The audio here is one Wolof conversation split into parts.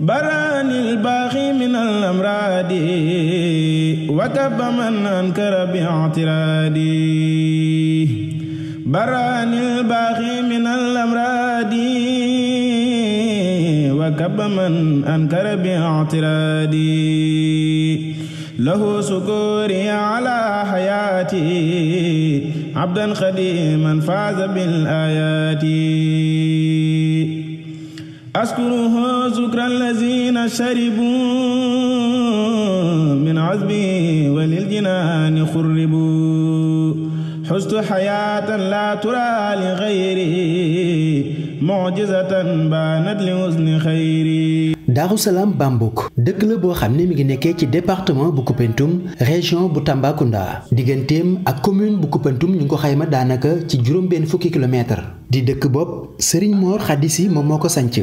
براني الباغي من الأمراض وكب من أنكر باعترادي براني الباغي من الأمراض وكب من أنكر باعترادي له سكوري على حياتي عبدا خديما فاز بالآيات askuruhu zukra allazina sharibu min azbi wa lil jinaani xurribu xustu xayaatan laa turaa li xayri mucjizatan baanat li husni xayri Daaru Salaam Bambouk dëkk la boo xam ne mi ngi nekkee ci département bu Koupentoum région bu Tambacounda digganteem ak commune bu Koupentoum ñu ngi ko xayma daanaka ci juróom-benn fukki kilomètre di dëkk bopp Serigne Mor Khadisy moom moo ko sanc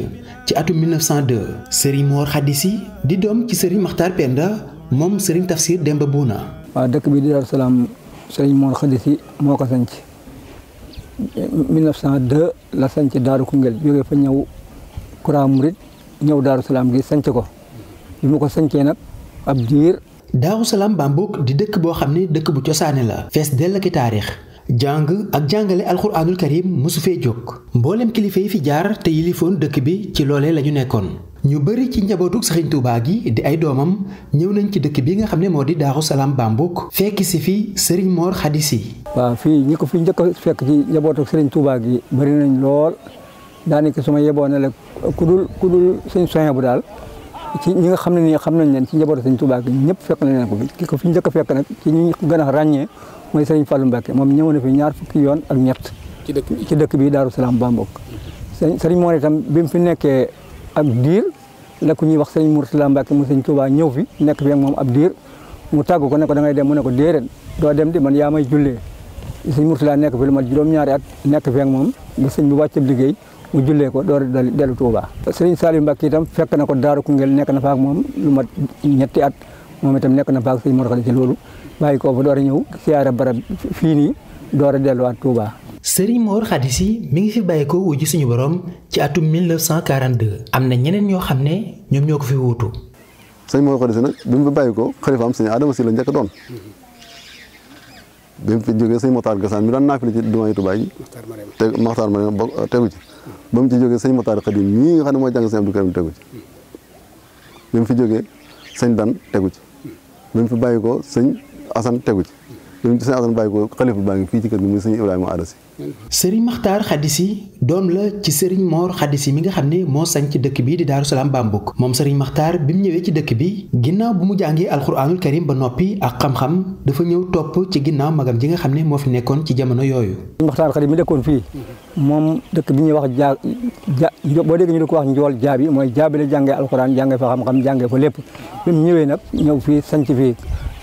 ci atum 1902 Serigne Mor Khadisy di doom ci Serigne Makhtar Penda moom Serigne Tafsir Demba Bouna. waaw dëkk bi di Daaru Salaam Serigne Mor Khadisy moo ko sanc 1902 la sanc Daaru Koungheul jógee fa ñëw Kura ñëw daaru salaam gi sanc ko bi ma ko sancee nag ab diir daaru salaam di dëkk boo xam ne dëkk bu cosaane la fees dell ak taarix jàng ak jàngale alxuraanul karim mosu fee jóg mboolem kilifa yi fi jaar te yilifoon dëkk bi ci loole la ñu nekkoon ñu bari ci njabootuk sëriñ Tuubaa gi di ay doomam ñëw nañ ci dëkk bi nga xam ne moo di daaru salaam bambuk fekk si fi sëriñ Mor Xadi Si waaw fii ñi ko fi njëkk fekk ci njabootuk sëriñ Tuubaa gi bari nañ lool daanaka su ma yeboo ne la ku dul ku dul sëñ soxna bu daal ci ñi nga xam ne nii xam nañ leen ci njabootu sëñ Tuubaa gi ñëpp fekk na leen ko fi ki ko fi njëkk a fekk nag ci ñi gën a ràññee mooy sëñ Fallou Mbacke moom ñëw na fi ñaar fukki yoon ak ñett. ci dëkk ci dëkk bi Darou Salaam Bambok. sëñ sëñ Mor itam bi mu fi nekkee ak diir la ñuy wax sëñ Mourtala Mbacke mu sëñ Tuubaa ñëw fi nekk fi ak moom ab diir mu tàggu ko ne ko da dem mu ne ko déedéet doo dem di man yaa may jullee sëñ Mourtala nekk fi lu mat juróom-ñaari at nekk fi moom ba sëñ bi wàccab liggéey mu jullee ko door a dellu Touba. Serigne Saliou Mbacke itam fekk na ko Daaru Koungheul nekk na faak moom lu mat ñetti at moom itam nekk na faak Serigne Mor Khady ci loolu bàyyi ko fa door a ñëw siyaara barab fii nii door a delluwaat Touba. Serigne Mor Khady Sy mi ngi fi bàyyi ko wuji suñu borom ci atum 1942 am na ñeneen ñoo xam ne ñoom ñoo ko fi wuutu. Serigne Mor Khady Sy nag bi mu fi bàyyi ko xalifaam Serigne Adama Sy la njëkk doon. bi mu fi jógee Serigne Mokhtar Gassane mi daan naafile ci jumaay Touba ji. Mokhtar Marème tegu ci. ba mu ci jógee sëñ Matar Xadim ñii nga xam ne mooy jàng sëñ Abdou Karim tegu ci mu fi jógee sëñ Dan tegu ci bi mu fi bàyyi ko sëñ Assane tegu ci ñoom ci sëñ Assane bàyyi ko xalif baa ngi fii ci kër gi muy sëñ doom la ci Serigne Mor Khadisy mi nga xam ne moo sañ ci dëkk bii di Daaru Salaam Bambuk moom Serigne Makhtar bi mu ñëwee ci dëkk bi ginnaaw bu mu jàngee alxuraanul karim ba noppi ak xam-xam dafa ñëw topp ci ginnaaw magam ji nga xam ne moo fi nekkoon ci jamono yooyu. Makhtar Khadisy mi fii moom dëkk bi ñuy wax ja ja boo déggee ñu di ko wax njool jaabi mooy jaabi la jàngee alxuraan jàngee fa xam-xam jàngee fa lépp bi mu ñëwee nag ñëw fii sañ ci fii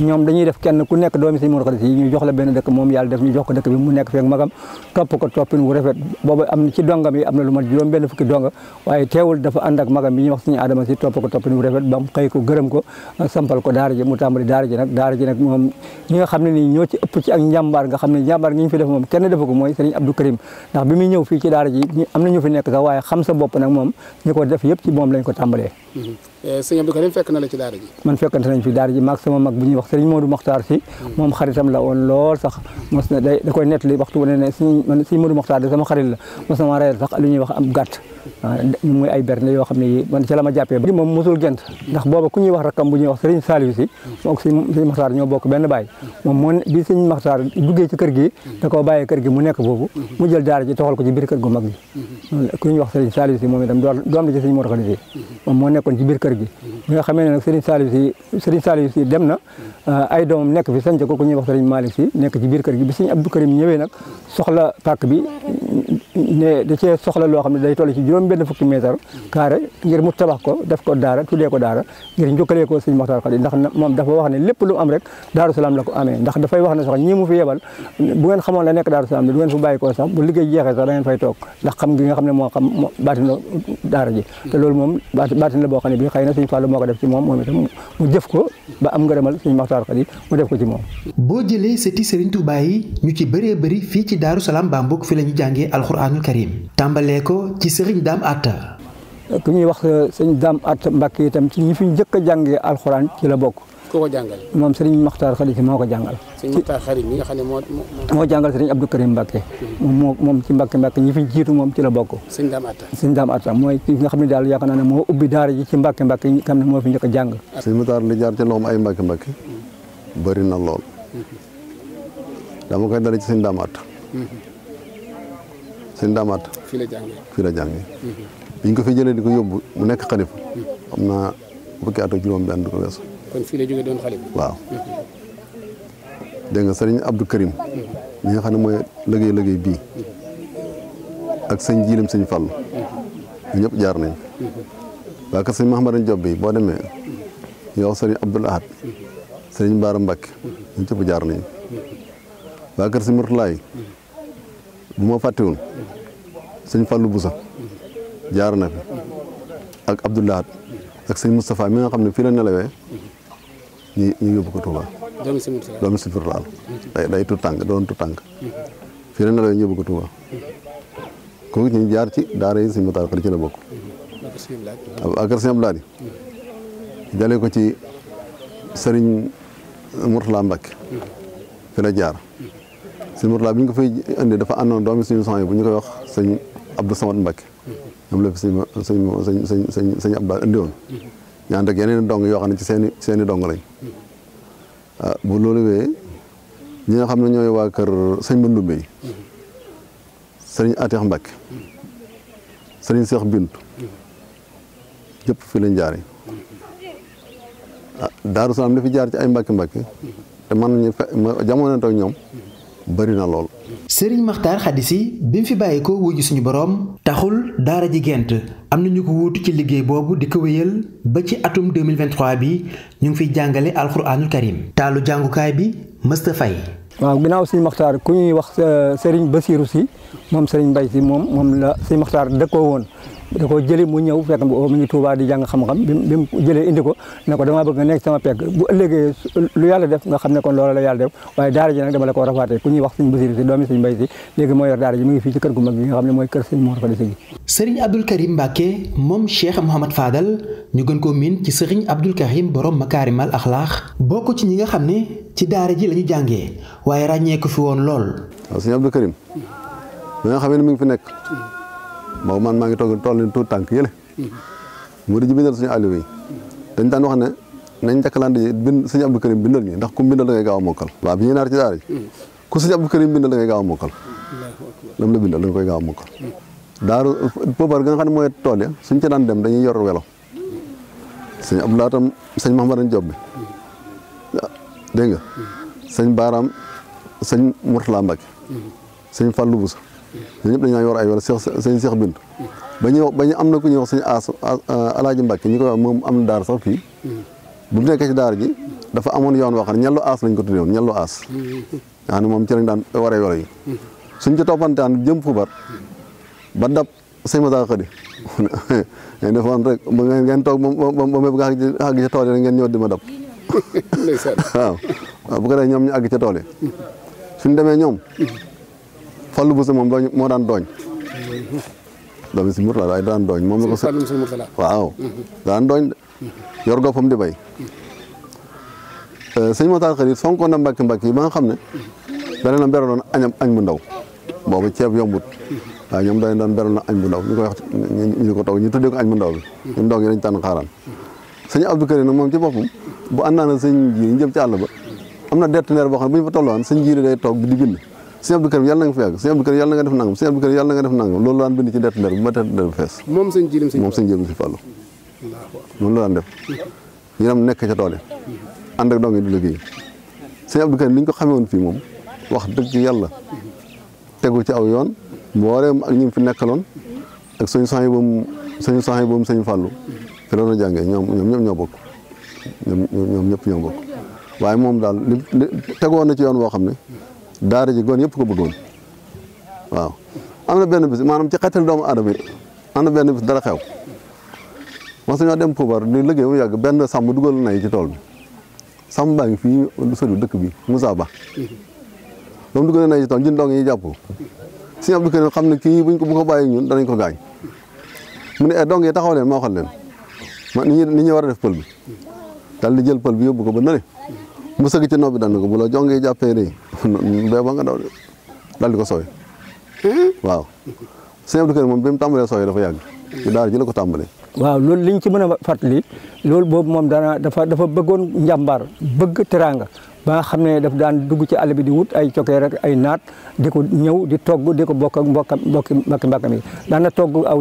ñoom dañuy def kenn ku nekk doomi sëñ Modou Khoudoss yi ñu jox la benn dëkk moom yàlla def ñu jox ko dëkk bi mu nekk feek magam topp ko toppin wu rafet boobu am na ci dongam yi am na lu mat juróom benn fukki donga waaye teewul dafa ànd ak magam bi ñuy wax suñu adama si topp ko toppin wu rafet ba mu xëy ko gërëm ko sampal ko daara ji mu tàmbali daara ji nag daara ji nag moom ñi nga xam ne nii ñoo ci ëpp ci ak njàmbaar nga xam ne njàmbaar gi ñu fi def moom kenn defu ko mooy sëriñ Abdou Karim ndax bi muy ñëw fii ci daara ji am na ñu fi nekk sax waaye xam sa bopp nag moom ñu ko def yëpp ci moom lañ ko tàmbalee mm-hmm. Eh, sëñ Abdou Karim fekk na la ci daara ji man fekkante nañ fi daara ji maag sama mag bu ñuy wax sëriñ Modou Mokhtar si moom xaritam la woon lool sax mos na day da koy nettali waxtu wane ne suñ man sëriñ Modou Mokhtar de sama xarit la mos na ma reyal sax lu ñuy wax am gàtt ah, muy ay berne yoo xam ne man ci la ma jàppee ba moom mosul gent ndax booba ku ñuy wax rakkam bu ñuy wax sëriñ Saliou si moom sëriñ Mokhtar ñoo bokk benn baay moom moo bi sëriñ Mokhtar duggee ci kër gi da koo bàyyee kër gi mu nekk foofu mu jël daara ji toxal ko ci biir kër gu mag gi mm-hmm. ku ñuy wax sëriñ Saliou si moom itam doom la ci sëriñ Modou Khalifa moom moo nekkoon ci biir kër gi bi nga xamee ne nag Serigne Saliou si Serigne Saliou si dem na euh, ay doomam nekk bi sanc ko ku ñuy wax Serigne Malick si nekk ci biir kër gi bi Serigne Abdou Karim ñëwee na soxla pàkk bi ne da cee soxla loo xam ne day toll ci juróom benn fukki meetar carré ngir mu tabax ko def ko daara tuddee ko daara ngir njukkalee ko sëñ moom mu da ngeen fay toog ndax xam gi nga xam na sëñ Fallu moo ko def ci moom moom itam mu jëf ko ba am ngërëmal sëñ Maxtaar Xadi mu def ko ci moom boo jëlee sëti Sëriñ Tuubaa yi ñu ci bëree bëri fii ci Daaru Salaam Bambok fi la jàngee alxuraan alxuraanul karim tàmbalee ko sëriñ daam atta ku ñuy wax euh, sëñ daam atta mbàkke itam ci ñi fi njëkk a jàngee alxuraan ci la bokk ku ko jàngal moom sëriñ Maxtaar Xarit moo ko jàngal sëriñ Maxtaar Xarit mi xam ne moo moo jàngal sëriñ Abdou Karim Mbàkke moo moom ci Mbàkke Mbàkke ñi fi jiitu moom ci la bokk sëñ Daam Atta sëñ Daam Atta mooy ki nga xam ne daal yaakaar naa ne moo ubbi daara ji ci Mbàkke Mbàkke yi xam ne moo fi njëkk a jàng sëñ Maxtaar li jaar ci loxoom mm-hmm. na lool mm-hmm. dama Daam Atta mm-hmm. seen Damaat. fii la jàngee la jàngee. bi ñu ko fi jëlee di ko yóbbu mu nekk xalif. am na fukki at ak juróom-benn du ko weesu. kon fii mhm. nga Karim. Mhm. mi nga xam ne mooy liggéey liggéey bii. Mhm. ak sëñ Jiilim sëñ Fall. ñëpp jaar nañ. waa kër sëñ Mouhamadou Diop bi boo demee. yow sëriñ Abdoul Ahad. sëriñ Baara Mbacke. ñëpp jaar nañ. waa kër sëñ Mourtalaay bu ma fàttewul sëñ Fallou Boussa jaar na ak Abdoulahat ak sëñ mustafa mi nga xam ne fii la nelawee ñu ñu yóbbu ko Touba. doomu si Moustapha doomu day day tuut tànk doon tuut tànk fii la ko Touba jaar ci daara yi sëñ Matar Khary ko ci sëriñ Mourtala Mbacke fi la jaar sëñ Mourtala bi ñu ko fay indee dafa àndoon doomi suñu sang bu ñu koy wax sëñ Abdou Samad Mbacke ñoom la fi sëñ sëñ sëñ sëñ sëñ Abdou indi dong yoo xam ne ci seen i seen i dong lañ ah, bu loolu wee ñi nga xam ne ñooy waa kër sëñ Bandoumbe yi sëriñ Atex Mbacke sëriñ Seex jëpp fi lañ jaare ah Daaru Salaam li jaar ci ay Mbacke Mbacke te man ñu jamono ñoom bari na lool sëriñ maxtaar si bi mu fi bàyyi ko wuju suñu boroom taxul daara ji gent am na ñu ko wuutu ci liggéey boobu di ko wéyal ba ci atum 2023 bi ñu ngi fiy jàngale alxuraanul karim taalu jàngukaay bi mësta fay waaw ginnaaw sëriñ maxtaar ku ñuy wax euh, sëriñ basiiru si moom sëriñ mbay si moom moom la sëriñ maxtaar dëkkoo woon da ko jëli mu ñëw fekk mu ngi Touba di jàng xam-xam bi mu jëlee indi ko ne ko damaa bëgg nga nekk sama pegg bu ëllëgee lu yàlla def nga xam ne kon loola la yàlla def waaye daara ji nag dama la ko rafaate ku ñuy wax suñ basiri si doomi suñ mbay si léegi moo yor daara ji mu ngi fii ci kër gu mag bi nga xam ne mooy kër sëñ Mor Fadé sëriñ Abdou Karim Mbacke moom Cheikh Mouhamad Fadal ñu gën koo miin ci sëriñ Abdou Karim borom makaarimal axlaax ji la ñu jàngee waaye ràññee fi woon lool sëriñ Abdou Karim bi nga xam ne mu ngi boobu man maa ngi toog tool ni tuut tànk yële mu di ji bindal suñu àlliwa yi dañ daan wax ne nañ njëkkalante ji bind suñu Abdou bindal ñi ndax ku bindal da ngay gaaw a mokkal waaw bi ñuy naar ci daara ji hmm. ku suñu Abdou Karim bindal da ngay gaaw a mokkal lam la bindal da a mokkal hmm. daaru poobar ga nga xam ne mooy tool ya suñ ci daan dem dañuy yor welo sëñ Abdoulaye tam sëñ Mahamadan Job bi hmm. dégg nga sëñ Baaraam sëñ Mourtala Mbacke ñoo ñëpp dañu daan yor ay wala seex sëñ seex ba ñu ba am na ku ñuy wax sëñ aas euh, alaaji mbàkke ñi koy moom am na daar sax fii bu nekk ci daar ji dafa amoon yoon woo xam ne ñellu aas lañ ko tuddee woon ñellu aas yaa ne moom ci lañ daan waree wala yi suñ ci toppantaan jëm fubar ba dab sëñ ma saa xëdi ngeen defoon rek ngeen toog ba mépp nga àgg ca tool yi ngeen ñëw di ma dab bu ko defee ñoom àgg ca tool yi demee ñoom bu se moom dooñ moo daan dooñ si Mourtala daan dooñ moom la ko si waaw daan dooñ yor goppam di bay euh, sëñ Matar xarit fonkoon na mbàkki mbàkki yi ba nga xam ne beneen am beraloon añam añ bu ndaw boobu ceeb yombut waaye ñoom dañ daan beral na añ bu ndaw ñu koy ko taw ñu tuddee ko añ bu ndaw bi ñu ndoog yi dañ tànn xaaraan sëñ Abdou Karim nag moom ci boppam bu ànd naa na sëñ jii ñu jëm ci àll ba am na détenaire boo xam ne bu ñu fa tolloon sëñ jii day toog di bind sëñ Abdou Karim yàlla na nga fi yàgg sëñ Abdou Karim yàlla na nga def nangam sëñ Abdou Karim yàlla na nga def nangam loolu daan bind ci ndet leer bu ma tet leer fees moom sëñ Jilim si Fallou moom la daan def ñu dem nekk ca tool yi ànd ak dong yi di liggéey sëñ Abdou Karim li ñu ko xamee woon fii moom wax dëgg yàlla tegu ci aw yoon mbooleem ak ñi fi nekkaloon ak suñu sang yi boobu suñu sang yi boobu sëñ Fallou fi la doon jàngee ñoom ñoom ñëpp ñoo bokk ñoom ñoom ñëpp ñoo bokk waaye moom daal li tegoon na ci yoon boo xam ne daara ji goon yëpp ko bëggoon waaw am na benn bis maanaam ci xetal doomu aadama yi benn bis dara xew ma suñoo dem pouvoir di liggéey bu yàgg benn sàmm dugal na ci tool bi sam baa ngi fii lu dëkk bi Moussa Ba ba mu na nay ci tool ñun dong yi jàpp si Abdou Karim xam ne ki buñ ko bu ko bàyyi ñun danañ ko gaañ mu ne e dong yi taxaw leen ma waxal leen ma ni ñuy ni war a def pël bi dal di jël pël bi yóbbu ko ba nële mu sëgg ci nopp bi daan ko bu la jong yi ba ba nga daw de daal di ko sooy waaw sëñ Abdou Karim moom bi mu tàmbalee sooy dafa yàgg ci daara ji la ko tàmbalee waaw loolu liñ ci mën a fàttali loolu boobu moom dana dafa dafa bëggoon njàmbaar bëgg teraanga ba nga xam ne daf daan dugg ci àll bi di wut ay cokkeer ak ay naat di ko ñëw di togg di ko bokk ak mbokkam mbokki mbokki mbàkkam yi daan na togg aw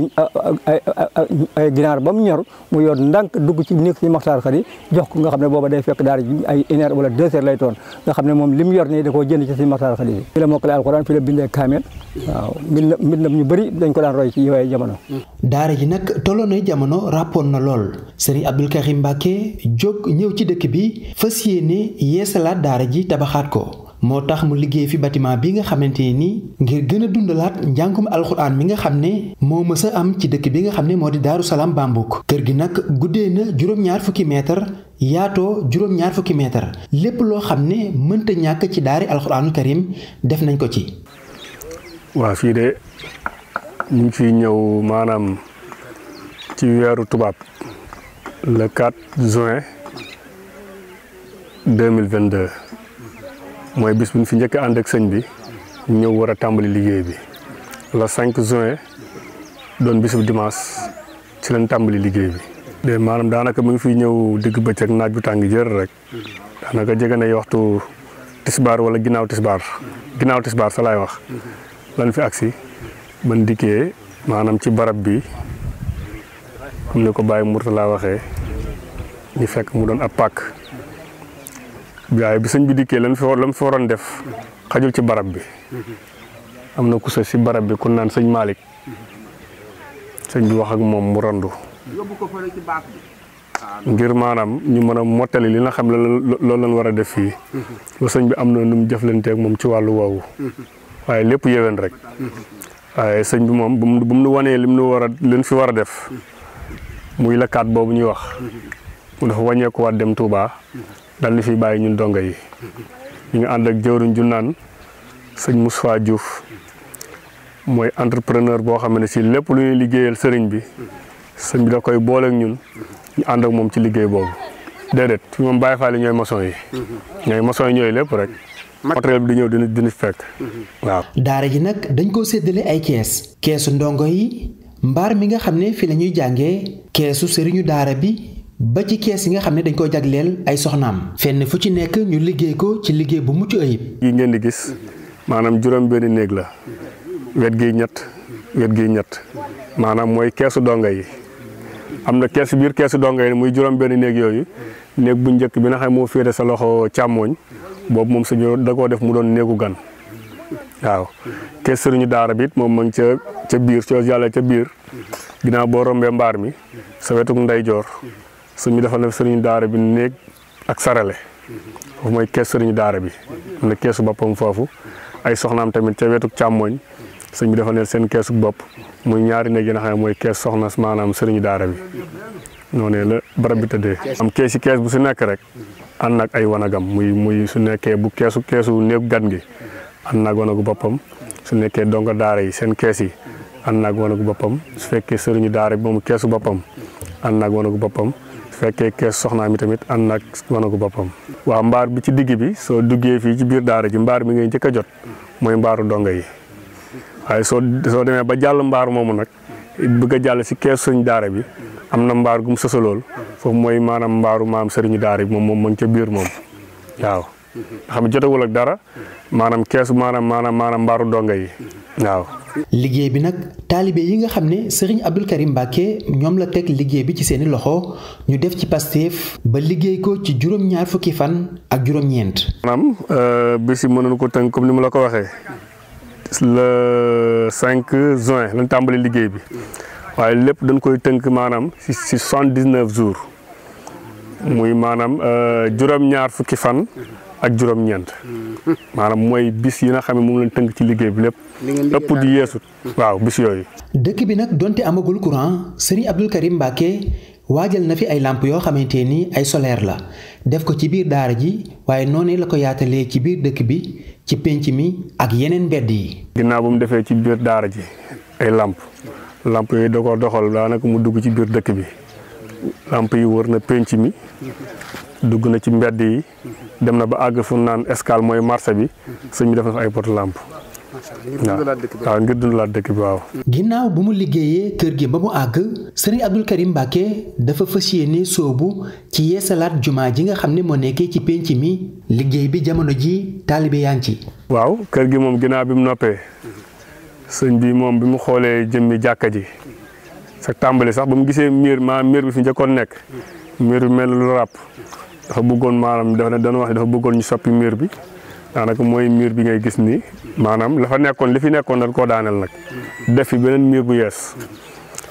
ay ginaar ba mu ñor mu yor ci nekk ci maxtaar xar yi jox ko nga xam ne booba day fekk daara ay une heure wala deux heures lay moom li mu yor nii da koo jënd ci si ñu bëri dañ ko daan roy ci yooyu jamono daara ji nag tolloon na jamono rappoon na lool Serigne Abdou Karim Mbacké jóg ñëw ci dëkk bi fas yéene yeesalaat daara ji tabaxaat ko moo tax mu liggéey fi bâtiment bi nga xamante ni ngir gën a dundalaat njàngum alxuraan mi nga xam ne moo mës am ci dëkk bi nga xam ne moo di daaru salaam bambuk kër gi nag guddee na juróom fukki mètre yaatoo juróom fukki mètre lépp loo xam ne mënta ñàkk ci daari alxuraanul karim def nañ ko ci. waa fii de ñu ngi fiy ñëw maanaam ci weeru tubaab le 4 juin. deux mille vingt deux mooy bis bu ñu fi njëkk ànd ak sëñ bi ñëw war a tàmbali liggéey bi la cinq juin doon bisu dimanche ci lañ tàmbali liggéey bi. de maanaam daanaka mu ngi fi ñëw digg bëccëg naaj bu tàng jër rek daanaka jege nay waxtu tisbaar wala ginnaaw tisbaar ginnaaw tisbaar sa laay wax lan fi agsi ban dikkee maanaam ci barab bi comme ni ko Baye Mourtala waxee ñu fekk mu doon ab pàkk. waaye bi sëñ bi dikkee lan fi lan fi def xajul ci barab bi mm-hmm. am na ku sa si barab bi ku naan sëñ Malick mm-hmm. sëñ bi wax ak moom mu randu ngir maanaam ñu mën a mottali li na xam ne loolu lañ war a def fii lu mm-hmm. sëñ bi am na nu mu jëflanteeg moom ci wàllu woowu waaye lépp yeween rek waaye sëñ bi moom bu mu bu nu wanee lim nu war a leen fi war a def muy la kaat boobu ñuy wax mu dafa wàññeekuwaat dem Touba. dal li fi bàyyi ñun dongo yi ñu ngi ànd ak jëwriñ ju naan sëñ Moussa Diouf mooy entrepreneur boo xam ne si lépp lu ñuy liggéeyal sëriñ bi sëñ bi da koy booleek ñun ñu ànd ak moom ci liggéey boobu déedéet fi moom Baye li ñooy maçon yi ñooy maçon yi ñooy lépp rek matériel bi di ñëw dina dina fekk waaw daara ji nag dañ koo séddale ay kees keesu ndongo yi mbaar mi nga xam ne fi la ñuy jàngee keesu sëriñu daara bi ba ci kees yi nga xam ne dañ koy jagleel ay soxnaam. fenn fu ci nekk ñu liggéey ko ci liggéey bu mucc ayib. yi ngeen di gis maanaam juróom benn néeg la wet gi ñett wet gi ñett maanaam mooy keesu donga yi am na kees biir keesu donga yi muy juróom benn néeg yooyu néeg bu njëkk bi na xam ne moo féete sa loxo càmmooñ boobu moom suñu da koo def mu doon néegu gan waaw kees sëriñu daara bi moom mu ngi ca ca biir soo yàlla ca biir ginnaaw boo rombee mbaar mi sa wetuk ndeyjoor sëñ bi dafa ne sëriñu néeg ak sarale foofu mooy kees sëriñu daara bi keesu boppam foofu ay soxnaam tamit ca wetuk càmmooñ sëñ bi dafa ne seen keesu bopp muy ñaari néeg yi nga ne mooy kees soxna maanaam sëriñu daara bi noonee la barab bi tëddee am kees yi kees bu su nekk rek ànd ak ay wanagam muy muy su nekkee bu keesu keesu néegu gan gi ànd naag wanagu boppam su nekkee donga daara yi seen kees yi ànd naag wanagu boppam su fekkee sëriñu daara bi moomu keesu boppam ànd naag wanagu boppam fekkee kees soxnaa mi tamit ànd naag wanagu boppam. waaw mbaar bi ci digg bi soo duggee fii ci biir daara ji mbaar bi ngay jëkk a jot mooy mbaaru dongo yi waaye soo soo demee ba jàll mbaar moomu nag bëgg a jàll si kees suñ daara bi am na mbaar gum sosalool foofu mooy maanaam mbaaru maam sëriñu daara bi moom moom mu ca biir moom waaw. xam ne jotewul ak dara maanaam keesu maanaam maanaam maanaam mbaaru donga yi waaw. liggéey bi nag taalibe yi nga xam ne Serigne Abdou Karim Mbacké ñoom la teg liggéey bi ci seeni loxo ñu def ci Pastef ba liggéey ko ci juróom-ñaar fukki fan ak juróom-ñeent. maanaam euh, bis yi mënoon ko tënk comme ni mu la ko waxee le 5 juin lañ tàmbali liggéey bi waaye lépp dañ koy tënk maanaam si si soixante-dix-neuf jours muy maanaam euh, juróom-ñaar fukki fan. ak juróom-ñeent. maanaam mooy bis yi nga xam ne moom lañ tënk ci liggéey bi lépp. ëpp di yeesut waaw bis yooyu. dëkk bi nag donte amagul courant sëri Abdou Karim Mbacké waajal na fi ay làmp yoo xamante ni ay solaire la def ko ci biir daara ji waaye noonu la ko yaatalee ci biir dëkk bi ci pénc mi ak yeneen mbedd yi. ginnaaw bu mu defee ci biir daara ji ay làmp làmp yooyu da ko doxal daanaka mu dugg ci biir dëkk bi làmp yi wër na pénc mi dugg na ci mbedd yi. dem na ba àgg fu naan escale mooy marché bi sëñ bi def na fa ay pot lampe waaw ngir dundalaat dëkk bi waaw. ginnaaw bu mu liggéeyee kër gi ba mu àgg sëriñ Abdou Karim Mbacke dafa fas ni soobu ci yeesalaat jumaa ji nga xam ne moo nekkee ci pénc mi liggéey bi jamono ji taalibe yaa ci. waaw kër gi moom ginnaaw bi mu noppee sëñ bi moom bi mu xoolee jëmmi jàkka ji sa tàmbali sax ba mu gisee miir maa miir bi fi njëkkoon nekk miir bi mel lu ràpp dafa bëggoon maanaam dafa dañoo wax ne dafa bëggoon ñu soppi mur bi daanaka mooy miir bi ngay gis nii maanaam la nekkoon li fi nekkoon dañ koo daaneel nag def fi beneen miir bu yees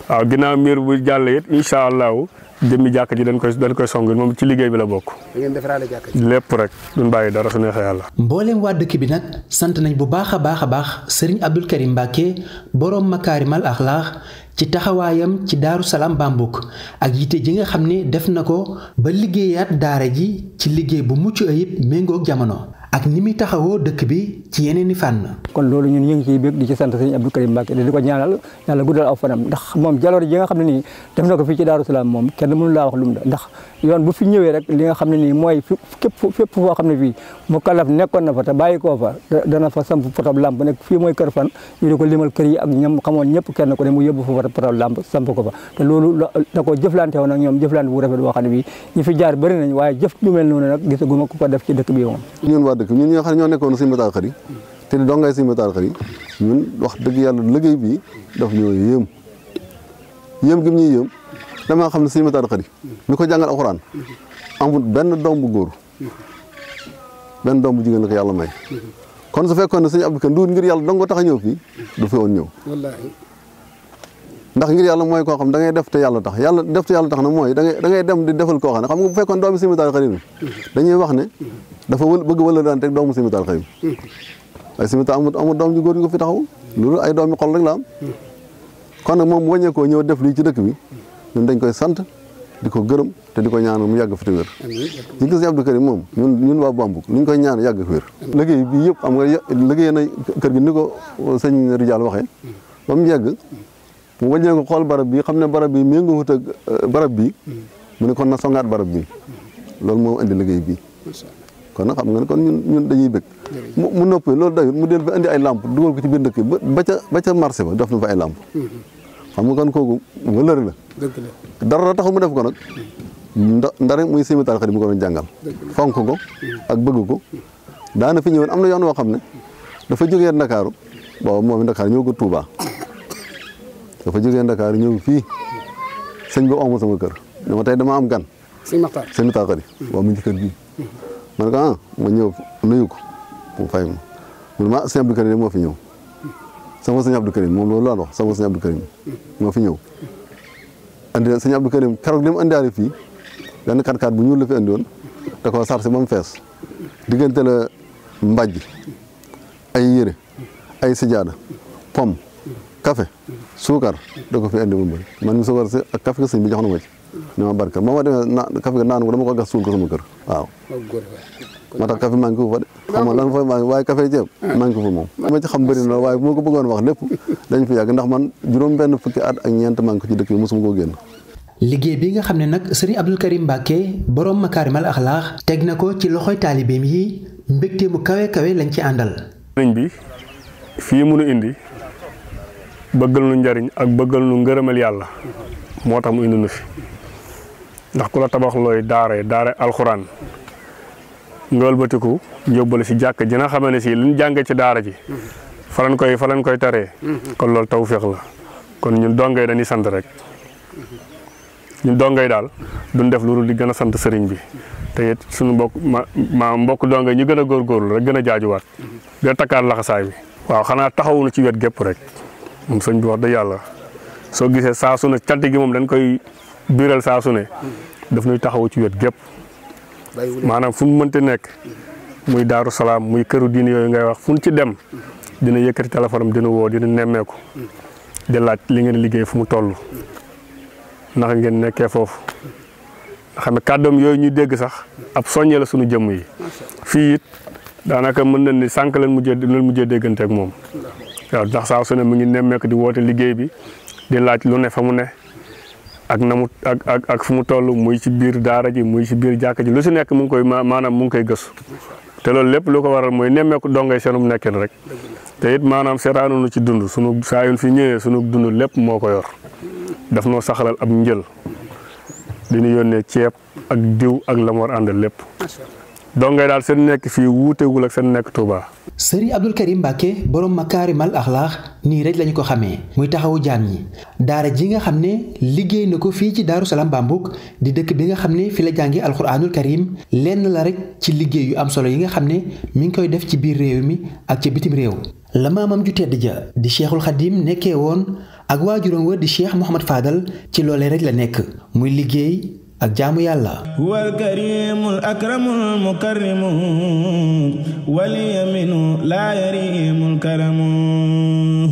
waaw ginnaaw miir bu jàll it incha allahu jëmmi jàkk ji dañ koy dañ koy song moom ci liggéey bi la bokk. da ngeen defaraale lépp rek duñ bàyyi dara su neexee yàlla. mboolem waa dëkk bi nag sant nañ bu baax a baax a baax Serigne Abdou Karim Mbacke borom makaarimal axlaax ci taxawaayam ci daaru salaam bambuk ak yite ji nga xam ni def na ko ba liggéeyaat daara ji ci liggéey bu mucc ayib méngook jamono ak ni muy taxawoo dëkk bi ci yeneen i fànn. kon loolu ñun ñu ngi ciy bëgg di ci sant sëñ Abdou Karim Mbacke di ko ñaanal guddal aw fanam ndax moom jaloor ji nga xam ne nii def li nga xam ne nii mooy fépp foo xam ne fii mu kalaf nekkoon na fa te bàyyi koo fa dana fa samp potob lamp nekk fii mooy kër fan ñu di ko limal kër yi ak ñam xamoon ñëpp kenn ko ne mu yóbbu fa potob lamp samp ko fa te loolu da ko jëflante woon ak ñoom jëflante bu rafet boo xam ne bii ñu fi jaar bëri waaye jëf ñu mel noonu nag gisaguma ko ko def ci dëkk bi moom dëkk ñun ñoo xam ne ñoo nekkoon Sëñ Mataar Xari te di dongay Sëñ Mataar Xari ñun wax dëgg yàlla liggéey bi daf ñoo yéem yéem gi mu ñuy yéem xam ne Sëñ Mataar Xari mi ko jàngal alxuraan amul benn doom bu góor benn doom bu jigéen la ko yàlla may kon su fekkoon ne Sëñ Abdou Kan duul ngir yàlla dong tax a ñëw fii du fi ñëw ndax ngir yàlla mooy koo xam da ngay def te yàlla tax yàlla def te yàlla tax na mooy da ngay da ngay dem di defal koo xam ne xam nga bu fekkoon doomu simital xarim dañuy wax ne dafa wël bëgg wëla daan teg doomu simital xarim ay simital amul amul doom ju góor ñu ko fi taxaw loolu ay doomi xol rek la am kon nag moom bu wàññeekoo ñëw def lii ci dëkk bi ñun dañ koy sant di ko gërëm te di ko ñaan mu yàgg fi te wér ñu gis Abdou moom ñun ñun waa Bambuk lu ñu koy yàgg fi wér bi yëpp am nga liggéey na kër gi ni ko sëñ Rijal waxee ba mu mu wàññee ko xool barab bi xam ne barab bi méngoowut ak euh, barab bi mu ne kon na songaat barab bi loolu moo indi liggéey bi kon nag xam nga ne kon ñun ñun dañuy bëgg mu noppi loolu dayut mu del bi indi ay làmp dugal ko ci biir dëkk bi ba ca ba ca marché def na fa ay làmp mm-hmm. xam nga kon kooku wëlër la dara taxul mu def ko nag mm-hmm. nda ndare muy simital mu ko doon jàngal fonk ko mm-hmm. ak bëgg daana fi ñëwoon am na yon woo xam ne dafa jógee Ndakaaru booba moom Ndakaaru ñëw ko Touba dafa jógee Dakar ñëw fii sëñ ba omo sama kër dama tey dama am gan. sëñ Maxtaar sëñ Maxtaar mu ngi ci ma ne ko ah ma ñëw nuyu ko mu fay ma mu ne ma ah, sëñ Abdou Karim moo fi ñëw sama sëñ Abdou Karim moom loolu laa wax sama sëñ Abdou moo fi ñëw andi sëñ Abdou Karim keroog li mu andiwaale fii benn kat-kat bu ñuul la fi andi woon da koo sarse ba mu fees diggante la mbàjj ay yére ay sijaada pom café suukar da ko fi andi wul ma man mi suukar si ak kafe ga sëñ bi jox na ma ci ne ma barka ma ma demee kafe ga naan ko dama ko gas suul ko sama kër waaw moo tax kafe manqué wu fa de xam nga lan fay manqué waaye kafe ceeb moom ma ci xam bëri moo ko bëggoon wax lépp dañ fi yàgg ndax man juróom benn fukki at ak ñeent manqué ci dëkk bi mosuma koo génn liggéey bi nga xam ne nag sëriñ Abdou Karim Mbacke borom makaarimal axlaax teg na ko ci loxoy taalibeem yi mbégte mu kawe kawe lañ ci àndal bi fii mënu indi bëggal nu njariñ ak bëggal nu ngërëmal yàlla moo tax mu indi nu fi ndax ku la tabax looy daare daare alxuraan nga wëlbatiku yóbbale si jàkk ji na xam ne si liñ jàngee ci daara ji fa koy fa lañ koy tare kon loolu tawféex la kon ñu dongay dañuy sant rek ñun dongay daal duñ def loolu di gën a sant sëriñ bi te it suñu mbokk ma mbokk dongay ñu gën a góorgóorlu rek gën a jaajuwaat gën a takkaat laxasaay bi waaw xanaa taxawuñu ci wet gépp rek moom sëñ bi wax dëgg yàlla soo gisee saa ne cant gi moom dañ koy biiral saa su ne daf nuy taxawu ci wet gépp maanaam fu mu mënti nekk muy daaru salaam muy këru diini yooyu ngay wax fu ci dem dina yëkkati téléphone am dina woo dina nemmeeku di laaj li ngeen liggéey fu mu toll naka ngeen nekkee foofu xam ne kàddoom yooyu ñuy dégg sax ab soññee la suñu jëmm yi fii it daanaka mën nañ ni sànq leen mujjee leen mujjee dégganteeg moom waaw ndax saa su ne mu ngi nemmeeku di woote liggéey bi di laaj lu ne fa mu ne ak na mu ak ak ak fu mu toll muy ci biir daara ji muy ci biir jàkka ji lu si nekk mu ngi koy maanaam mu ngi koy gëstu te loolu lépp lu ko waral mooy nemmeeku dongay seenum nekkin rek te it maanaam seetaanunu ci dund sunu saa yun fi ñëwee sunu dund lépp moo ko yor daf noo saxalal ab njël di ñu yónnee ceeb ak diw ak la mu war àndal lépp donc ngay daal seen nekk fii wuutewul ak seen nekk Touba. sëriñ Abdou Karim Mbacke borom makaarimal axlaax nii rek lañu ko xamee muy taxawu jaam yi daara ji nga xam ne liggéey na ko fii ci Daaru Salaam Bambouk di dëkk bi nga xam ne fi la jàngi alxuraanul karim lenn la rek ci liggéey yu am solo yi nga xam ne mi ngi koy def ci biir réew mi ak ci bitim réew. la maamam ju tedd ja di cheikhul xadim nekkee woon ak waajuram wa di cheikh Mouhamad Fadal ci loolee rek la nekk muy liggéey. ak jaamu yàlla huwal karimul akramul mukarrimu waliyaminu laa yarimul karamu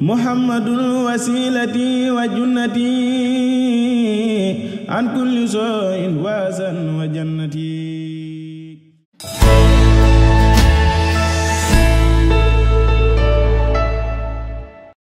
muhammadul wasilati wa junnati an kulli sooin waasan wa jannati